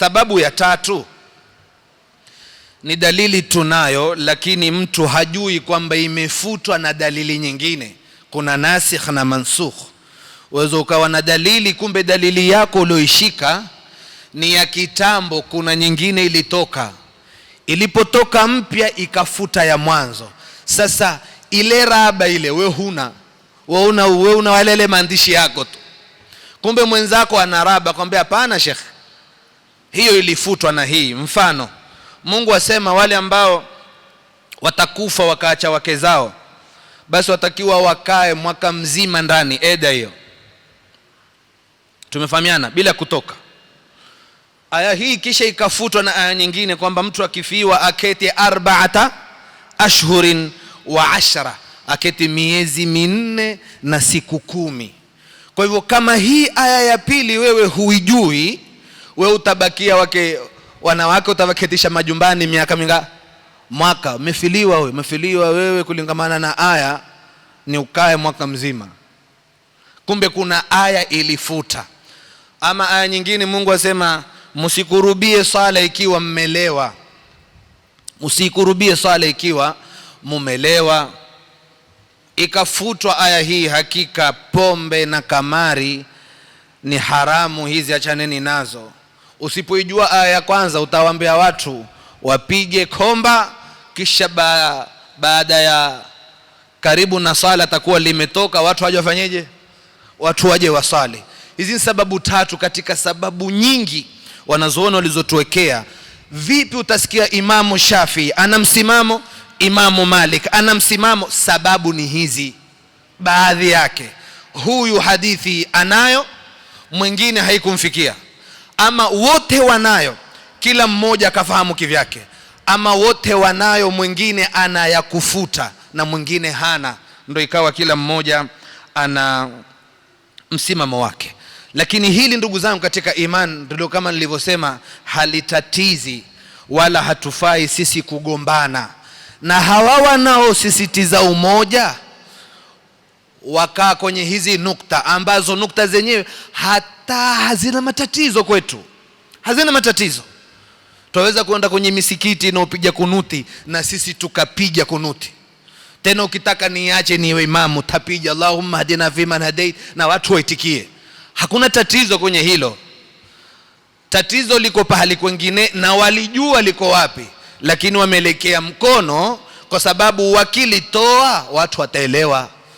Sababu ya tatu ni dalili tunayo, lakini mtu hajui kwamba imefutwa na dalili nyingine. Kuna nasikh na mansukh. Uweza ukawa na dalili, kumbe dalili yako ulioishika ni ya kitambo, kuna nyingine ilitoka, ilipotoka mpya ikafuta ya mwanzo. Sasa ile raba ile we huna we una, we una walele maandishi yako tu, kumbe mwenzako ana raba kwambia, hapana shekhe hiyo ilifutwa na hii. Mfano, Mungu asema wale ambao watakufa wakaacha wake zao, basi watakiwa wakae mwaka mzima ndani eda hiyo. Tumefahamiana bila kutoka. Aya hii kisha ikafutwa na aya nyingine kwamba mtu akifiwa aketi arbaata ashhurin wa ashara aketi miezi minne na siku kumi. Kwa hivyo kama hii aya ya pili wewe huijui we utabakia wake wanawake utawaketisha majumbani miaka minga mwaka umefiliwa wewe umefiliwa wewe kulingamana na aya ni ukae mwaka mzima kumbe kuna aya ilifuta ama aya nyingine mungu asema msikurubie sala ikiwa mmelewa msikurubie sala ikiwa mumelewa ikafutwa aya hii hakika pombe na kamari ni haramu hizi achaneni nazo Usipoijua aya ya kwanza, utawaambia watu wapige komba, kisha ba, baada ya karibu na sala takuwa limetoka, watu waje wafanyeje? Watu waje wasali. Hizi ni sababu tatu katika sababu nyingi wanazoona walizotuwekea. Vipi utasikia Imamu Shafii ana msimamo, Imamu Malik ana msimamo? Sababu ni hizi baadhi yake. Huyu hadithi anayo, mwingine haikumfikia ama wote wanayo, kila mmoja akafahamu kivyake, ama wote wanayo, mwingine anayakufuta na mwingine hana, ndo ikawa kila mmoja ana msimamo wake. Lakini hili ndugu zangu katika imani, ndilo kama nilivyosema, halitatizi wala hatufai sisi kugombana na hawa wanaosisitiza umoja wakaa kwenye hizi nukta ambazo nukta zenyewe hata hazina matatizo kwetu, hazina matatizo. tunaweza kuenda kwenye misikiti inayopiga kunuti na sisi tukapiga kunuti tena. Ukitaka niache niwe imamu, tapija Allahumma hadina fiman hadait, na watu waitikie. Hakuna tatizo kwenye hilo. Tatizo liko pahali kwengine, na walijua liko wapi, lakini wameelekea mkono, kwa sababu wakilitoa watu wataelewa.